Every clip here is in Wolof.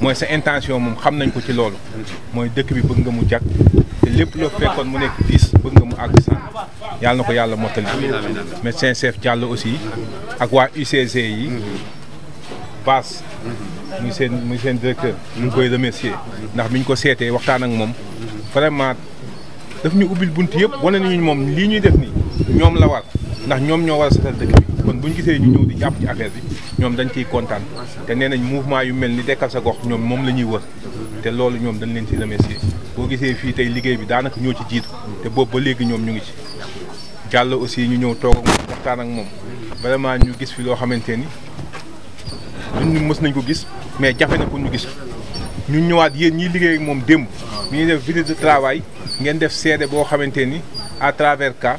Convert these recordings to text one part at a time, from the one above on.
mooy sa intention moom xam nañ ko ci loolu mooy dëkk bi bëgg nga mu jàkk te lépp loo fekkoon mu nekk diis bëgg nga mu àgg sant yàlla na ko yàlla mottali médecin chef jàll aussi ak waa UCG yi mhm. Bass mhm. muy seen muy seen directeur ñu koy remercier ndax bi ñu ko seetee waxtaan ak moom vraiment daf ñu ubbil bunt yëpp wane nañu moom lii ñuy def nii ñoom la war ndax ñoom ñoo war a setal dëkk bi kon bu ñu gisee ñu ñëw di jàpp ci affaire bi ñoom dañ ciy kontaan te nee nañ mouvement yu mel ni dekkal sa gox ñoom moom la ñuy wër te loolu ñoom dañ leen ci remercier boo gisee fii tey liggéey bi daanaka ñoo ci jiitu te boobu ba léegi ñoom ñu ngi ci jàll aussi ñu ñëw toog ak moom waxtaan moom vraiment ñu gis fi loo xamante ni ñu mës nañ ko gis mais jafe na pour ñu gis ñu ñëwaat yéen ñiy liggéey ak moom démb. ñu def visite de ngeen def seede boo xamante ni à travers cas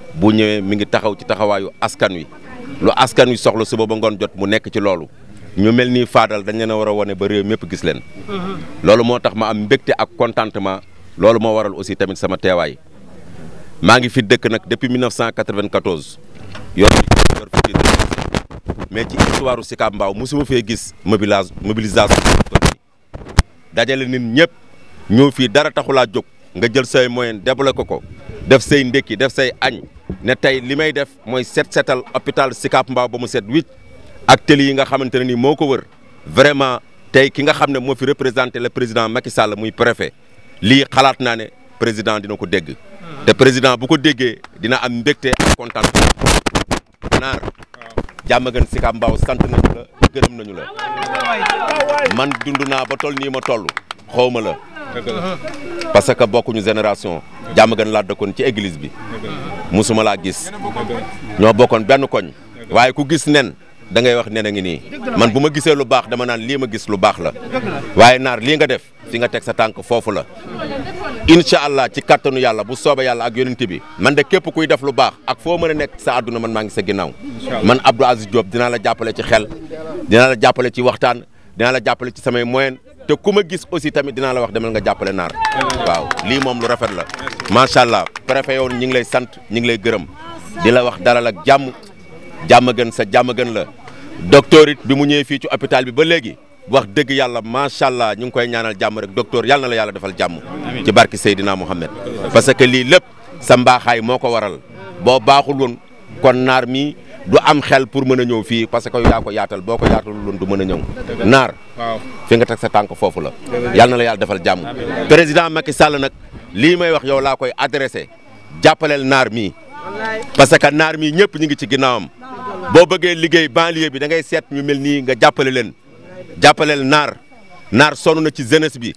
bu ñëwee mi ngi taxaw ci taxawaayu askan wi lu askan wi soxla suba ba ngoon jot mu nekk ci loolu ñu mel nii faadal dañ leen a war a wane ba réew mépp gis leen mhm. loolu moo tax ma am mbégte ak contentement loolu moo waral aussi tamit sama teewaay maa ngi fi dëkk nag depuis 1994 yor yor fi mais ci histoire Sicap Mbao mosuma fee gis mobilisation mobilisation dajale nit ñëpp ñëw fii dara taxulaa jóg nga jël say moyen débloqué ko def say ndékki def say añ ne tey li may def mooy set setal hôpital Sicap Mbao ba mu set wicc ak tëli yi nga xamante ne ni moo ko wër vraiment tey ki nga xam ne moo fi représenté la président Macky Sall muy préfet lii xalaat naa ne président dina ko dégg te président bu ko déggee dina am mbégte ak kontaan naar jàmmagën Sicap Mbao sant nañu la gërëm nañu la man dund naa ba toll nii ma toll xawma la parce que bokkuñu génération jàmm gën laa dëkkoon ci église bi musuma laa gis ñoo bokkoon benn koñ waaye ku gis nen dangay wax nen a ngi nii man bu ma gisee lu baax dama naan lii ma gis lu baax la waaye naar lii nga def fi nga teg sa tànk foofu la incha allah ci kattanu yàlla bu soobee yàlla ak yonent bi man de képp kuy def lu baax ak foo mën a nekk sa àdduna man maa ngi sa ginnaaw man Abdou Aziz Diop dinaa la jàppale ci xel dinaa la jàppale ci waxtaan dinaa la jàppale ci samay moyen te ku a gis aussi tamit dinaa la wax demal nga jàppale naar waaw lii moom lu rafet la macha allah préfet yow ñu ngi lay sant ñu ngi lay gërëm di la wax dalal ak jàmm jàmm gën sa jàmm gën la docteur it bi mu ñëwee fii ci hôpital bi ba léegi wax dëgg yàlla macha allah ñu ngi koy ñaanal jàmm rek docteur yàlla la yàlla defal jàmm ci barki Seydina Mohamed parce que lii lépp sa mbaaxaay moo ko waral boo baaxul woon kon naar mii du am xel pour mën a ñëw fii parce que yaa ko yaatal boo ko yaatal loolu du mën a ñëw naar fi nga teg sa tànk foofu la yàlla na la yaal defal jàmm président Macky Sall nag lii may wax yow laa koy adressé jàppaleel naar mii parce que naar mii ñëpp ñu ngi ci ginnaawam boo bëggee liggéey banlieue bi da ngay seet ñu mel nii nga jàppale leen jàppaleel naar naar sonn na ci jeunesse bi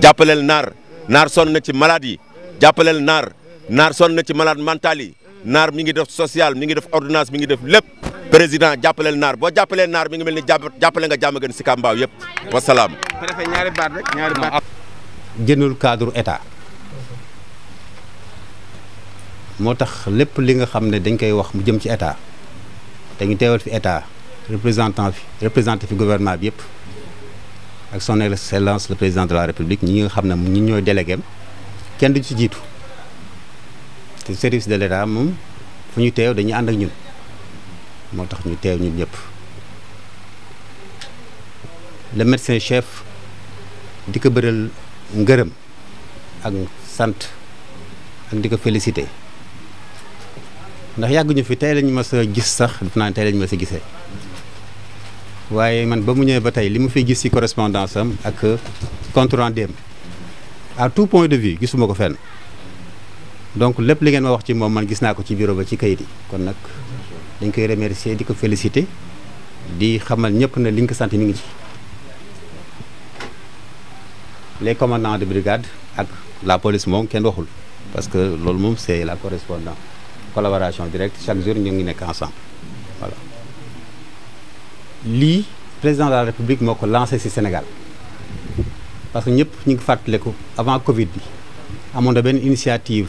jàppaleel naar naar sonn na ci maladi yi jàppaleel naar naar sonn na ci maladi mantali naar mi ngi def social mi ngi def ordonnance mi ngi def lépp président jàppaleel naar boo jàppalee naar mi ngi mel ni jàppale nga jàmm gën si kàmbaaw yëpp wasalaam. préfet ñaari baat ñaari baat. jëndul cadre état moo tax lépp li nga xam ne dañ koy wax mu jëm ci état dañu teewal fi état représentant fi représenté fi gouvernement bi yëpp ak son excellence le président de la république ñi nga xam ne ñi ñooy délégué kenn du ci jiitu. te service de l'État moom fu ñu teew dañuy ànd ak ñun moo tax ñu teew ñun ñëpp le médecin chef di ko bëral ngërëm ak sant ak di ko félicité ndax yàgg ñu fi tey lañu ma sa gis sax def naa tey lañu ma sa gisee waaye man ba mu ñëwee ba tey li mu fi gis ci correspondance am ak compte rendu à tout point de vue gisuma ko fenn donc tout li ngeen vous wax ci je man gis dans ko ci bureau ba ci Donc, je kon remercie dañ koy remercier Je vous féliciter di xamal ñëpp les commandants de brigade et la police sont kenn waxul parce que c'est la correspondance collaboration directe chaque jour nous sommes ensemble voilà Li, président de la république a lancé au Sénégal parce que ñëpp fait ngi fàttaliku avant Covid bi a une une initiative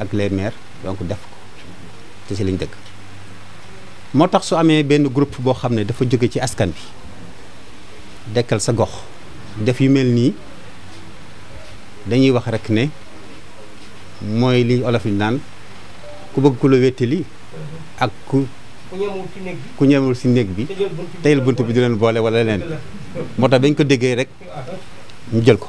ak les maires donc def ko te si lañ dëkk moo tax su amee benn groupe boo xam ne dafa jóge ci askan bi dekkal sa gox def yu mel nii dañuy wax rek ne mooy li olof yi naan ku bëgg ku la wettali ak ku ku ñemul si néeg bi teyel bunt bi di leen boole wala leen moo tax bañ ko déggee rek ñu jël ko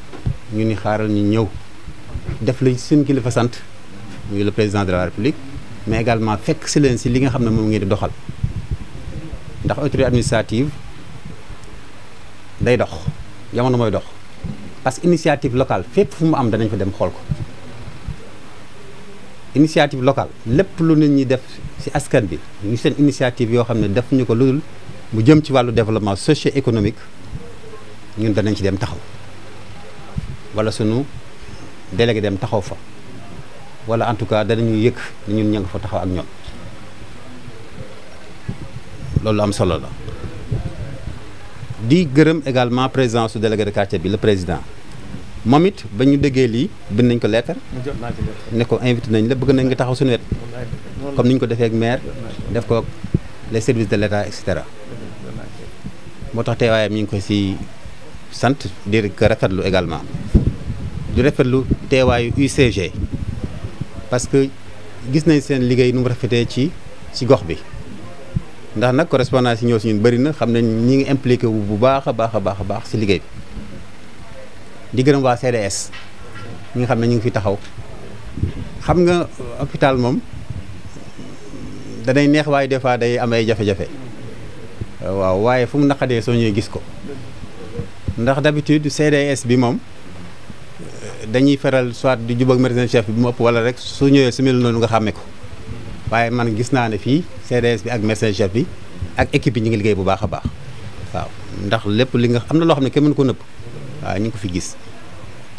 ñu ni xaaral ñu ñëw def la seen kilifa sant muy le président de la république mais également fekk si leen si li nga xam ne moom ngeen di doxal ndax autorité administrative day dox jamono mooy dox parce que initiative locale fépp fu mu am danañ fa dem xool ko initiative locale lépp lu nit ñi def si askan bi ñu seen initiative yoo xam ne def ñu ko ludul mu jëm ci wàllu développement socio économique ñun danañ ci dem taxaw wala sunu délégué dem taxaw fa wala en tout cas danañu yëkk ni ñun ña nga fa taxaw ak ñoom loolu am solo la di gërëm également présidence su de quartier bi le président moom it ba ñu déggee lii bind nañ ko lettre ne ko invité nañ la bëgg nañ nga taxaw suñu wet comme ni ñu ko defee ak maire def ko les services de l'état et cetera moo tax teewaayam ñu ngi ko si sant di ko rafetlu également du rafetlu teewaayu UCG parce que gis nañ seen liggéey nu mu rafetee ci ci gox bi ndax nag correspondance yi ñëw si ñun bëri na xam nañ ñu ngi impliqué wu bu baax a baax a baax a baax si liggéey bi di gërëm waa CDS ñi nga xam ne ñu ngi fi taxaw xam nga hôpital moom danay neex waaye des fois day am ay jafe-jafe waaw waaye fu mu naqadee soo ñuy gis ko ndax d'habitude CDS bi moom dañuy feral soit di jubóog médecin chef bi mu ëpp wala rek su ñëwee su mel noonu nga xàmme ko waaye man gis naa ne fii CDS bi ak médecin chef bi ak équipe bi ñu ngi liggéey bu baax a baax waaw ndax lépp li nga xam ne loo xam ne kenn mënu ko nëbb waaw ñu ngi ko fi gis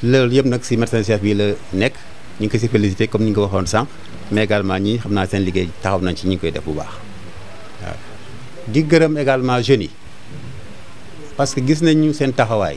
loolu yëpp nag si médecin chef bi la nekk ñu ngi ko si félicité comme ni nga ko waxoon sànq mais également ñi xam naa seen liggéey taxaw nañ ci ñu ngi koy def bu baax waaw di gërëm également jeunes yi parce que gis nañu seen taxawaay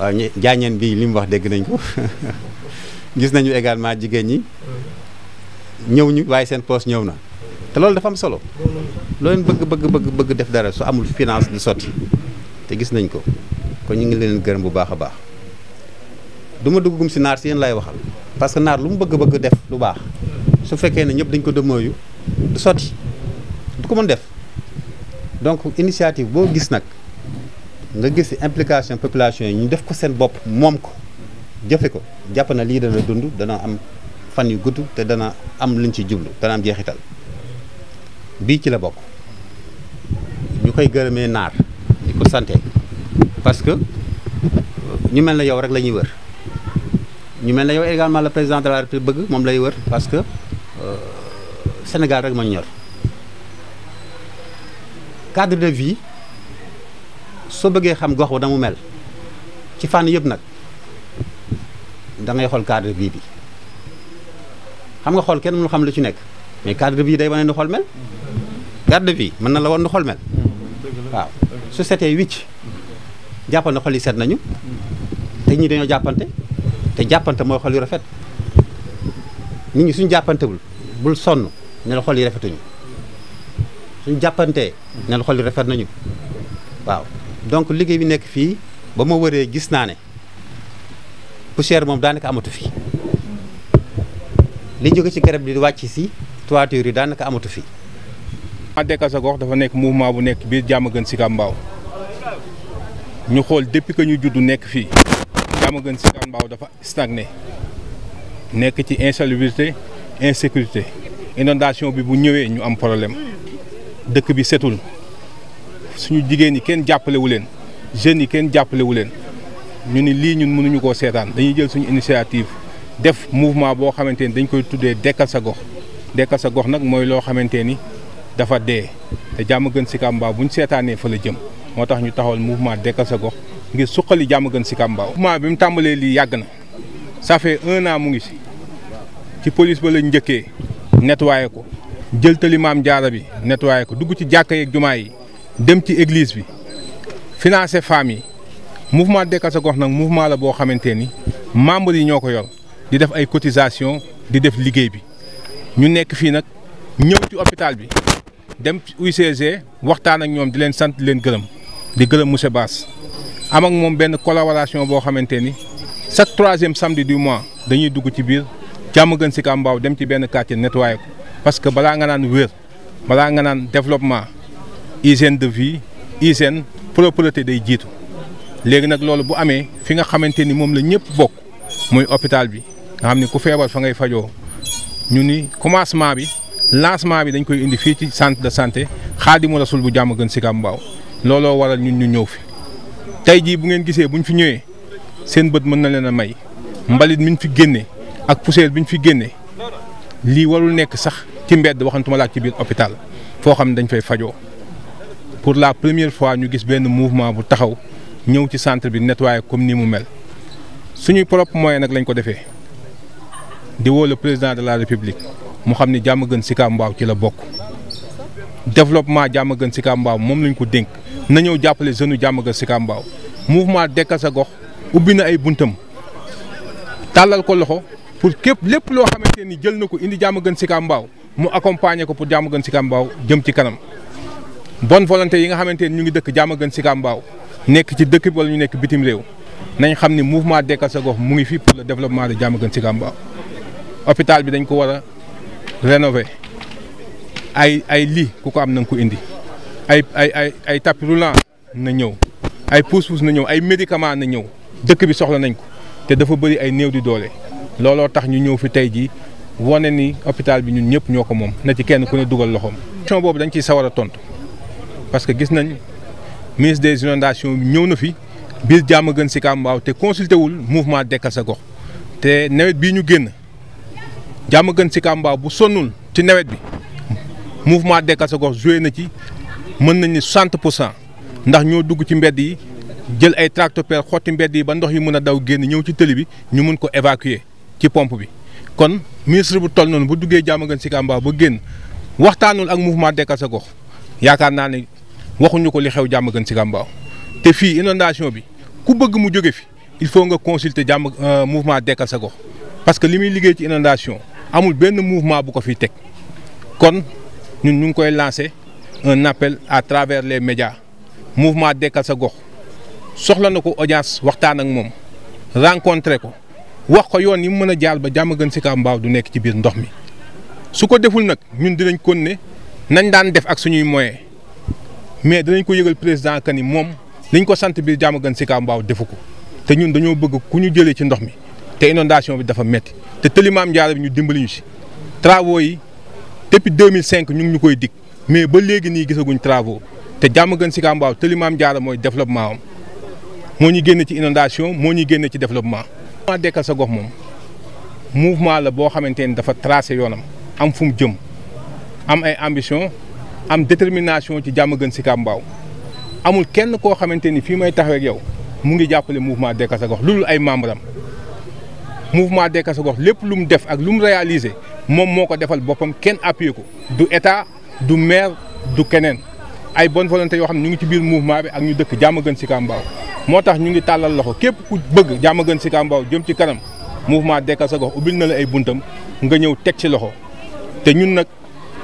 waaw ñu jaañeen bii li mu wax dégg nañ ko gis nañu également jigéen ñi ñëw ñu waaye seen poos ñëw na te loolu dafa am solo loo bëgg bëgg bëgg bëgg def dara su amul finance du sotti te gis nañ ko kon ñu ngi leen gërëm bu baax a baax duma ma duggum si naar si yéen lay waxal parce que naar lu mu bëgg bëgg def lu baax su fekkee ne ñëpp dañ ko demooyu du sotti du ko mën def donc initiative boo gis nag nga gis implication population yi ñu def ko seen bopp moom ko jëfe ko jàpp na lii dana dund dana am fan yu gudd te dana am luñ ci jublu dana am jeexital bii ci la bokk ñu koy gërëmee naar di ko sante parce que ñu mel na yow rek lañuy wër ñu mel na yow également le président de la bëgg moom lay wër parce que euh, Sénégal rek ma ñor cadre de vie soo bëggee xam gox ba damu mel ci fànn yëpp nag da ngay xool cadre de bi xam nga xool kenn mënul xam lu ci nekk mais cadre de day wane nu xool mel cadre de mën na la woon nu xol mel waaw su setee wicc jàppal na xol yi set nañu te ñii dañoo jàppante te jàppante mooy xol yu rafet nit ñi suñ jàppantewul bul sonn ne xol yi rafetuñu suñ jàppantee ne xol yi rafet nañu waaw donc ce bi nekk fi bama wéré gis naa poussière mom danaka amatu fi li jogé ci garab di ci toiture yi danaka amatu fi. mouvement sa dafa mouvement bu nekk ñu xol depuis que ñu juddu nekk dafa stagné nekk ci insalubrité insécurité inondation bi bu ñëwé ñu am problème dëkk bi suñu jigéen ñi kenn jàppalewu leen jeunes yi kenn jàppalewu leen ñu ni lii ñun mënuñu koo seetaan dañuy jël suñu initiative def mouvement boo xamante ni dañ koy tuddee dekkal sa gox nag mooy loo xamante ni dafa dee te jàmm gën Sicap Mbao bu ñu seetaanee fa la jëm moo tax ñu taxawal mouvement dekkal sa gox ngir suqali jàmm gën Sicap Mbao mouvement bi mu tàmbalee lii yàgg na ça fait un mu ngi si ci police ba la njëkkee nettoyé ko jëltali tali maam jaara bi nettoyé ko dugg ci jàkka yeeg jumaa yi dem ci église bi financer femmes yi mouvement Dekkal sa gox nag mouvement la boo xamante ni membres yi ñoo ko yor di def ay cotisation di def liggéey bi ñu nekk fii nag ñëw ci hopital bi dem UCG waxtaan ak ñoom di leen sant leen gërëm di gërëm monsieur Bass am ak moom benn collaboration boo xamante ni chaque troisième samedi du mois dañuy dugg ci biir jàmm gën si Kambaaw dem ci benn quartier nettoyé ko parce que balaa nga naan wér balaa nga naan développement. hygiène de vie hygiène propreté day jiitu léegi nag loolu bu amee fi nga xamante ni moom la ñëpp bokk mooy hôpital bi nga xam ni ku feebar fa ngay fajoo ñu ni commencement bi lancement bi dañ koy indi fii ci centre de santé Xaadimu Rasul bu jàmm gën Sicap Mbao looloo waral ñun ñu ñëw fi tey jii bu ngeen gisee bu buñ fi ñëwee seen bët mën na leen a may mbalit miñ fi génne ak bi biñ fi génne lii warul nekk sax ci mbedd waxantuma laaj ci biir hôpital foo xam ne dañ fay fajoo. pour la première fois ñu gis benn mouvement bu taxaw ñëw ci centre bi nettoyer comme nii mu mel suñuy propre moyen nag lañ ko defee di woo président de la république mu xam ni Diamaguène Sicap Mbao ci la bokk développement Diamaguène Sicap Mbao moom lañu ko dénk na ñëw jàppale jeune Diamaguène Sicap Mbao mouvement dekkal sa gox ubbi na ay buntam tàllal ko loxo pour képp lépp loo xamante ni jël na ko indi Diamaguène Sicap Mbao mu accompagner ko pour Diamaguène Sicap Mbao jëm ci kanam bon volonté yi nga xamante ni ñu ngi dëkk jàmm gën si Kambaaw nekk ci dëkk bi wala ñu nekk bitim réew nañ xam ni mouvement Dekkal sa gox mu ngi fi pour le développement de jàmm gën si Kambaaw hôpital bi dañ ko war a rénover ay ay lii ku ko am na nga ko indi ay ay ay ay na ñëw ay pousse-pousse na ñëw ay médicament na ñëw dëkk bi soxla nañ ko te dafa bëri ay néew di doole looloo tax ñu ñëw fi tey jii wane ni hôpital bi ñun ñëpp ñoo ko moom na ci kenn ku ne dugal loxoom. question boobu dañ ciy sawar a tontu. parce que gis nañ ministre des inondations ñëw na fi bir jàmm gën si te consulté wul mouvement dekkal sa gox te nawet bi ñu génn jàmm gën si Kambaaw bu sonnul ci nawet bi mouvement dekkal sa gox joué na ci mën nañ ni 60 pour cent ndax ñoo dugg ci mbedd yi jël ay tractopelle xotti mbedd yi ba ndox yi mën a daw génn ñëw ci tëli bi ñu mun ko évacuer ci pompe bi kon ministre bu toll noonu bu duggee jàmm gën si Kambaaw ba génn waxtaanul ak mouvement dekkal sa gox yaakaar naa ne waxuñu ko li xew jàmm gën si Gambaaw te fii inondation bi ku bëgg mu jóge fi il faut nga consulter jàmm euh, mouvement dekkal sa gox parce que li muy liggéey ci inondation amul benn mouvement bu ko fi teg kon ñun ñu ngi koy lancer un appel à travers les médias mouvement dekkal sa gox soxla na ko audience waxtaan ak moom rencontré ko wax ko yoon yi mu mën a jaal ba jàmm gën si Kambaaw du nekk ci biir ndox mi su ko deful nag ñun dinañ kon nañ daan def ak suñuy moyens mais danañ ko yëgal président que ni moom liñ ko sant biir Diamaguène Sicap Mbao defu ko te ñun dañoo bëgg ku ñu jëlee ci ndox mi te inondation bi dafa metti te tëlimaam njaara bi ñu dimbali ñu si travaux yi depuis 2005 ñu ngi ñu koy dikk mais ba léegi nii gisaguñ travaux te Diamaguène Sicap Mbao tëlimaam njaara mooy développement am moo ñu génne ci inondation moo ñu génne ci développement. mouvement dekkal sa gox moom mouvement la boo xamante ni dafa tracé yoonam am fu mu jëm am ay ambition. am détermination ci Diamaguène Sicap Mbao amul kenn koo xamante ni fii may taxaw ak yow mu ngi jàppale mouvement Dekk sa lu loolu ay membre am mouvement Dekk sa gox lépp lu mu def ak lu mu réalisé moom moo ko defal boppam kenn appuyé ko du état du maire du keneen ay bonne volonté yoo xam ne ñu ngi ci biir mouvement bi ak ñu dëkk Diamaguène Sicap Mbao moo tax ñu ngi tàllal loxo képp ku bëgg Diamaguène Sicap Mbao jëm ci kanam mouvement Dekk sa gox ubbil na la ay buntam nga ñëw teg ci loxo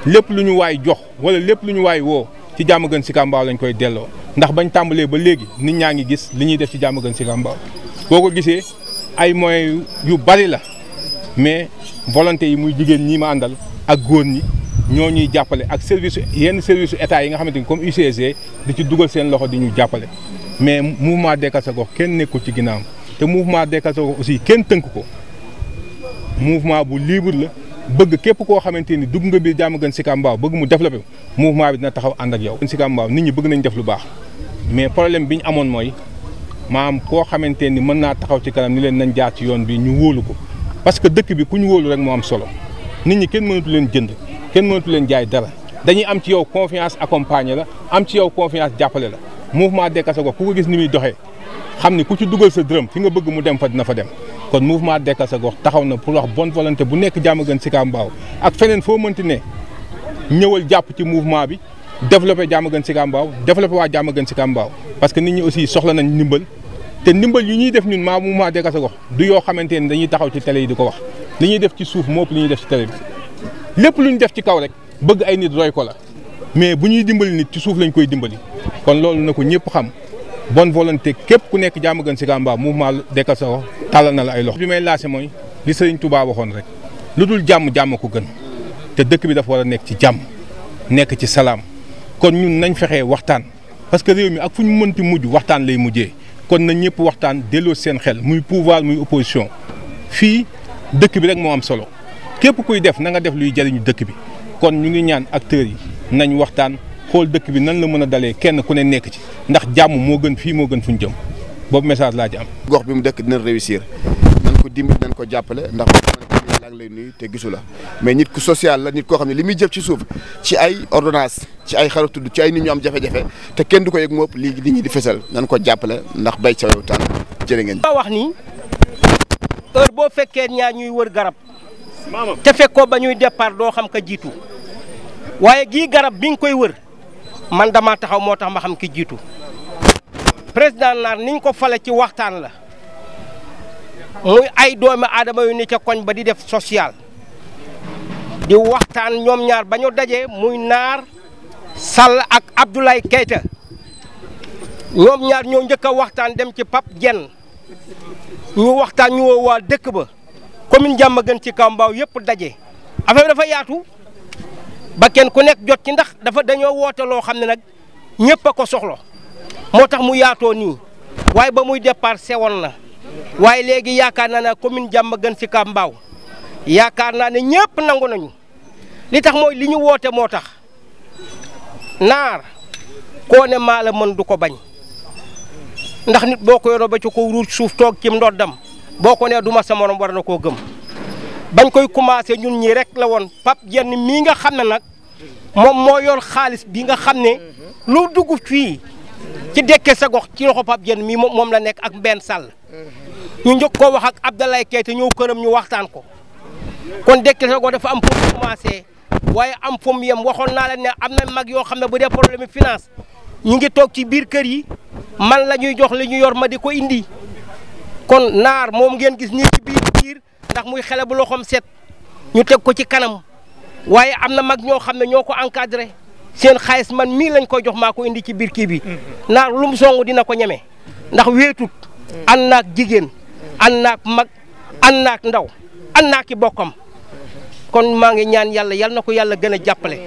lépp lu ñu waay jox wala lépp lu ñu waay woo ci jàmm gën si kàmbaaw lañ koy delloo ndax bañ tàmbalee ba léegi nit ñaa ngi gis li ñuy def ci jàmm gën si boo ko gisee ay moyens yu bari la mais volonté yi muy jigéen ñi ma àndal ak góor ñi ñoo ñuy jàppale ak service yenn service état yi nga xamante ni comme UCG di ci dugal seen loxo di ñu jàppale mais mouvement Dekkal sa gox kenn nekkul ci ginnaawam te mouvement Dekkal sa gox aussi kenn tënk ko mouvement bu libre la. bëgg képp koo xamante ni dugg nga biir jàmm gën Sicap Mbao bëgg mu développé mouvement bi dina taxaw ànd ak yow. Sicap Mbao nit ñi bëgg nañ def lu baax mais problème bi ñu amoon mooy maam koo xamante ni mën naa taxaw ci kanam ni leen nañ jaar ci yoon bi ñu wóolu ko parce que dëkk bi ku ñu wóolu rek moo am solo nit ñi kenn mënatu leen jënd kenn mënatu leen jaay dara dañuy am ci yow confiance accompagner la am ci yow confiance jàppale la mouvement Dekk Sa ku ko gis ni muy doxee xam ni ku ci dugal sa dërëm fi nga bëgg mu dem fa dina fa dem kon mouvement Dekkal sa gox taxaw na pour wax bonne volonté bu nekk jàmm gën Sicap Mbao ak feneen foo mënti ne ñëwal jàpp ci mouvement bi développé jàmm gën Sicap Mbao développé waa jàmm gën Sicap Mbao parce que nit ñi aussi soxla nañ ndimbal te ndimbal yu ñuy def ñun maa mouvement Dekkal sa gox du yoo xamante ne dañuy taxaw ci télé yi di ko wax li ñuy def ci suuf moo li ñuy def ci télé bi lépp lu ñu def ci kaw rek bëgg ay nit roy ko la mais bu ñuy dimbali nit ci suuf lañ koy dimbali kon loolu na ko ñëpp xam bon volonté képp ku nekk jàmm gën si Kamba maa Dekkal sa Gox tàllal na la ay loxo. bi may laase mooy li Serigne Touba waxoon rek lu dul jàmm jàmm ko gën te dëkk bi dafa war a nekk ci jàmm nekk ci salaam kon ñun nañ fexee waxtaan parce que réew mi ak fu ñu mënti mujj waxtaan lay mujjee kon nañ ñëpp waxtaan delloo seen xel muy pouvoir muy opposition fii dëkk bi rek moo am solo képp kuy def na nga def luy jëriñu dëkk bi kon ñu ngi ñaan acteurs yi nañ waxtaan. xool dëkk bi nan la mën a dalee kenn ku ne nekk ci ndax jàmm moo gën fii moo gën fu ñu jëm boobu message laa ci am. gox bi mu dëkk dina réussir nan ko dimbali nan ko jàppale ndax laa lay nuyu te gisu la mais nit ku social la nit koo xam ne li muy jëf ci suuf ci ay ordonnance ci ay xaratu ci ay nit ñu am jafe te kenn du ko yëg moom lii nit ñi di fesal nan ko jàppale ndax bay ca wew tànn jërë ngeen. ma wax ni heure boo fekkee ñaar ñuy wër garab te fekkoo ba ñuy départ doo xam ka jiitu waaye gii garab bi nga koy wër. man dama taxaw moo tax ma xam ki jiitu président naar niñ ko fale ci waxtaan la muy ay doomi aadama yu ni ca koñ ba di def social di waxtaan ñoom ñaar ba ñu daje muy naar Sall ak Abdoulaye Keita ñoom ñaar ñoo njëkk a waxtaan dem ci Pape Dieng ñu waxtaan ñu woo waa dëkk ba commune Diamaguène ci kaw mbaaw yëpp daje affaire bi dafa yaatu ba kenn ku nekk jot ci ndax dafa dañoo woote loo xam ne nag ñëpp a ko soxla moo tax mu yaatoo nii waaye ba muy départ sewoon na waaye léegi yaakaar naa ne commune Diamaguène Sicap Mbao yaakaar naa ne ñëpp nangu nañu li tax mooy li ñu woote moo tax naar koo ne maa la mën du ko bañ ndax nit boo ko yoroo ba ci ko ruuj suuf toog cim dam boo ko nee du ma sa morom war na koo gëm bañ koy commencé ñun ñii rek la woon Pape Dieng mii nga xam ne nag moom moo yor xaalis bi nga xam ne lu dugg fii ci dekke sa gox ci loxo Pape Dieng mii moom la nekk ak Mbène Sall ñu njëkk koo wax ak Abdoulaye Keita ñëw këram ñu waxtaan ko kon dekke sa gox dafa am fu mu commencé waaye am fom mu yem waxoon naa leen ne am na mag yoo xam ne bu dee problème finance ñu ngi toog ci biir kër yi man la ñuy jox li ñu yor ma di ko indi kon naar moom ngeen gis nii ci biir ndax muy xele bu loxoom set ñu teg ko ci kanam waaye am na mag ñoo xam ne ñoo ko encadré seen xaalis man mii lañ koy jox maako indi ci biir kii bi mhm. naar lu mu dina ko ñeme ndax weetut an mhm. naak jigéen an naak mag an naak ndaw an naaki bokkam kon maa ngi ñaan yàlla yal na ko yàlla gën a jàppale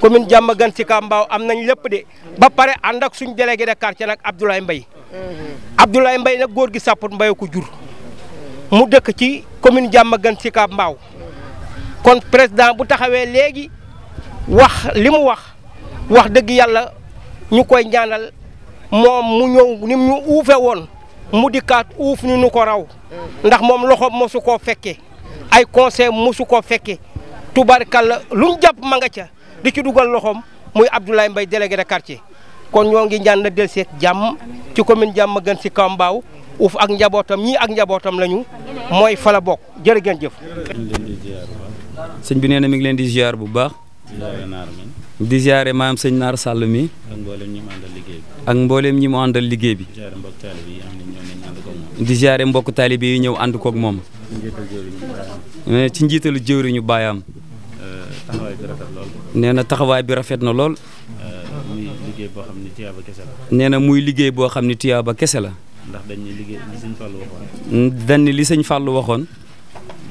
commune Diamaguène Sicap Mbao am nañ lépp de ba pare ànd ak suñ délégué de quartier nag Abdoulaye Mbaye mhm. Abdoulaye mbay nag góor gi sàpput Mbaye ko jur mu dëkk ci commune si Sicap Mbao kon président bu taxawee léegi wax li mu wax wax dëgg yàlla ñu koy ñaanal moom mu ñëw ni ñu uufe woon mu dikkaat uuf ni nu ko raw ndax moom loxo mosu koo fekkee ay conseil mosu koo fekke tubarkalla lu mu lu ma nga ca di ci dugal loxoom muy Abdoulaye mbay délégué de quartier kon ñoo ngi ñaan na delluseeg jàmm ci commune Diamaguène Sicap Mbao Uf ak njabotam ñi ak njabotam lañu moy fala bok bokk jërë ngeen jëf. bi neena mi ngi leen di ziar bu baax. di ziare maam señ nar Sall mi. ak mbolem ñi mu andal liggéey bi. di mboolem ñi mu àndal liggéey bi. di ziare mbokk taalibe eh, ci eh, na bi rafet na lool. Eh, muy liggéey boo ni tiyaaba ndax dañ liggéey li sëñ Fallou waxoon.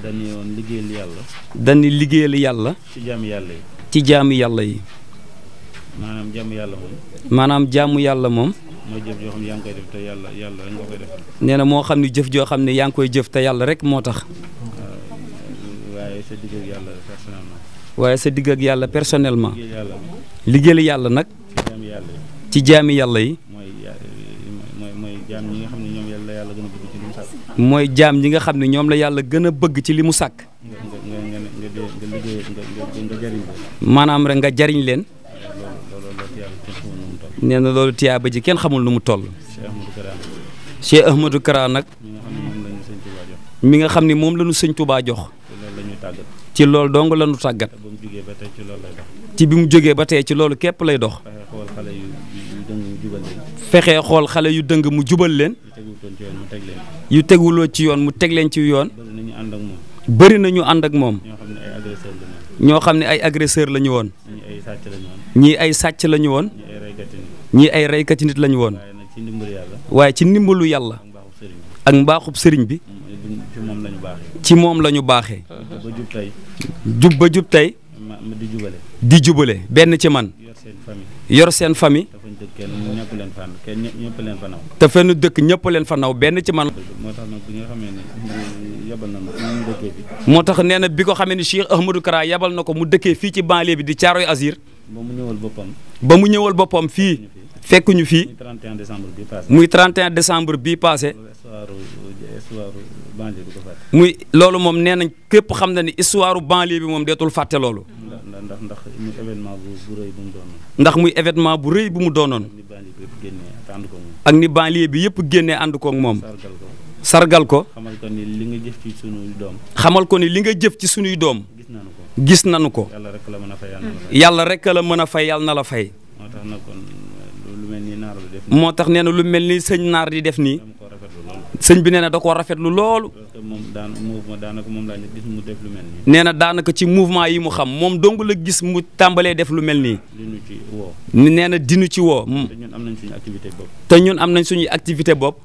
dañ ne waxoon. dañ ne liggéeyal yàlla. dañ ne liggéeyal yàlla. ci jaamu yàlla yi. ci jaamu yàlla yi. maanaam jaamu yàlla moom. maanaam jaamu yàlla moom. mooy jëf joo yaa ngi koy def te yàlla yàlla rek nga koy def. nee na moo xam ne jëf joo xam ne yaa ngi koy jëf te yàlla rek moo tax. waaye sa digg ak yàlla personnellement. waaye sa digg ak yàlla personnellement. liggéeyal yàlla nag. ci jaami yàlla yi. jaam ñi nga xam ne ñoom la yàlla gën a bëgg ci li mooy jaam ñi nga xam ne ñoom la yàlla gën a bëgg ci li mu sàkk. nga nga nga nga liggéey nga jariñ leen. maanaam rek nga jariñ leen. nee na loolu tiyaaba ji kenn xamul nu mu toll. Cheikh Ahmadou Kara nag. mi nga xam ne moom la ñu sëñ Touba jox. ci loolu dong la ñu tàggat. ci bi mu jógee ba tey ci loolu képp lay dox. fexe xool xale yu dëng mu jubal leen. yu teguloo ci yoon mu teg leen ci yoon. bëri na ñu ànd ak moom. ñoo xam ne ay agresseur la ñu woon. ñii ay sàcc la ñu woon. ñii ay reykati nit la ñu woon. waaye ci ndimbalu yàlla. ak mbaaxub sëriñ bi. ci moom la ñu baaxee. jub ba jub tey. di jubale benn ci man. yor seen famille. ñëpp leen fa kenn ñëpp leen fa naw. te fenn dëkk ñëpp leen fa naw benn ci man. moo tax nag bu ñu xamee ni yabal na ñu dëkkee bi. moo tax nee na bi ko xamee ni Cheikh Ahmadou Kara yabal na ko mu dëkkee fii ci banlieue bi di Caaroy Azir. ba mu ñëwal boppam. ba mu ñëwal boppam fii. fekk ñu fii muy 31 décembre bii passé muy loolu moom nee nañ képp xam na ni histoire banlieue bi moom deetul fàtte loolu. ndax ndax événement bu rëy bu mu doonoon. ndax muy événement bu rëy bu mu doonoon. ak ni banlieue bi yëpp génnee ànd kook moom. sargal ko xamal ko ni li nga jëf ci sunuy doom. xamal ko ni li nga jëf ci sunuy doom. gis nañu ko gis nañu ko. yàlla rek la mën a fay yàlla rek la mën a fay yàlla na la fay. moo tax nag lu mel ni naar di def. moo tax nee na lu mel ni sëñ naar di def nii. sëñ bi nee na da koo rafetlu loolu. nee na daanaka ci mouvement yi mu xam moom dong la gis mu tàmbalee def lu mel nii. nee na dinu ci woo. ñun am nañ suñu activité bopp. te ñun am nañ suñuy activité bopp.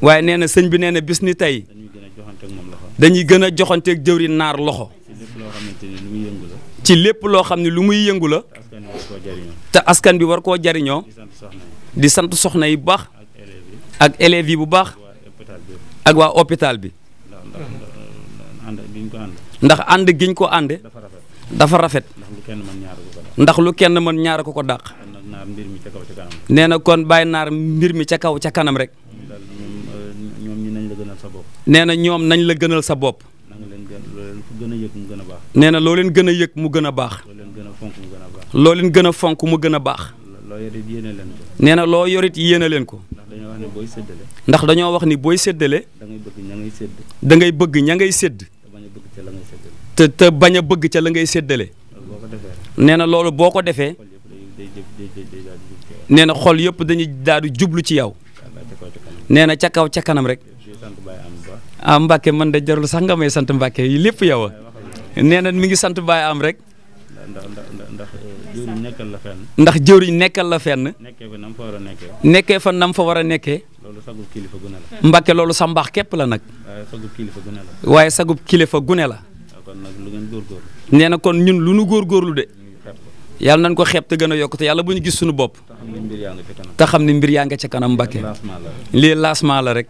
waaye nee na sëñ bi nee na bis ni tey. dañuy gën a joxanteeg jëwri naar loxo. ci lépp loo xam ne lu muy yëngu la. te askan bi war koo jariñoo di sant soxna yi bu baax. ak élèves yi bu baax. ak waa hôpital bi. ndax ànd giñ ko ànde dafa rafet. ndax lu kenn mën ñaar ko ko dàq. naar mbir mi ca kaw ca kanam. nee na kon bàyyi naar mbir mi ca kaw ca kanam rek. ñoom euh, ñi nañ la gënal sa bopp. nee na ñoom nañ la gënal sa bopp. nee na loo leen gën a yëg mu gën a baax. loo leen gën fonk mu gën a baax. nee na loo yorit yéene leen ko. ndax dañoo wax ni booy séddale. da ngay bëgg ña ngay sédd. te te bañ a bëgg ca la ngay séddale. nee loolu boo ko defee. nee na xol yëpp dañuy daal jublu ci yow. nee na ca kaw ca kanam rek. ah Mbacke man de jarul sax nga may sant Mbacke yi lépp yow a. nee na mi ngi sant Baye am rek. ndax ndax eh, jëwriñ nekkal la fenn. ndax jëwriñ nekkee fa nam fa war a nekkee. nekkee fa loolu sagub kilifa gune la. Mbacke loolu sa mbaax képp la nag. waaye sagub kilifa gune waaye sagub kilifa gune la. kon kon ñun lu nu góorgóorlu de. yàlla nañ ko xeeb te gën a yokk te yàlla bu ñu gis suñu bopp te xam ni mbir yaa nga ca kanam Mbàkke lii lancement la rek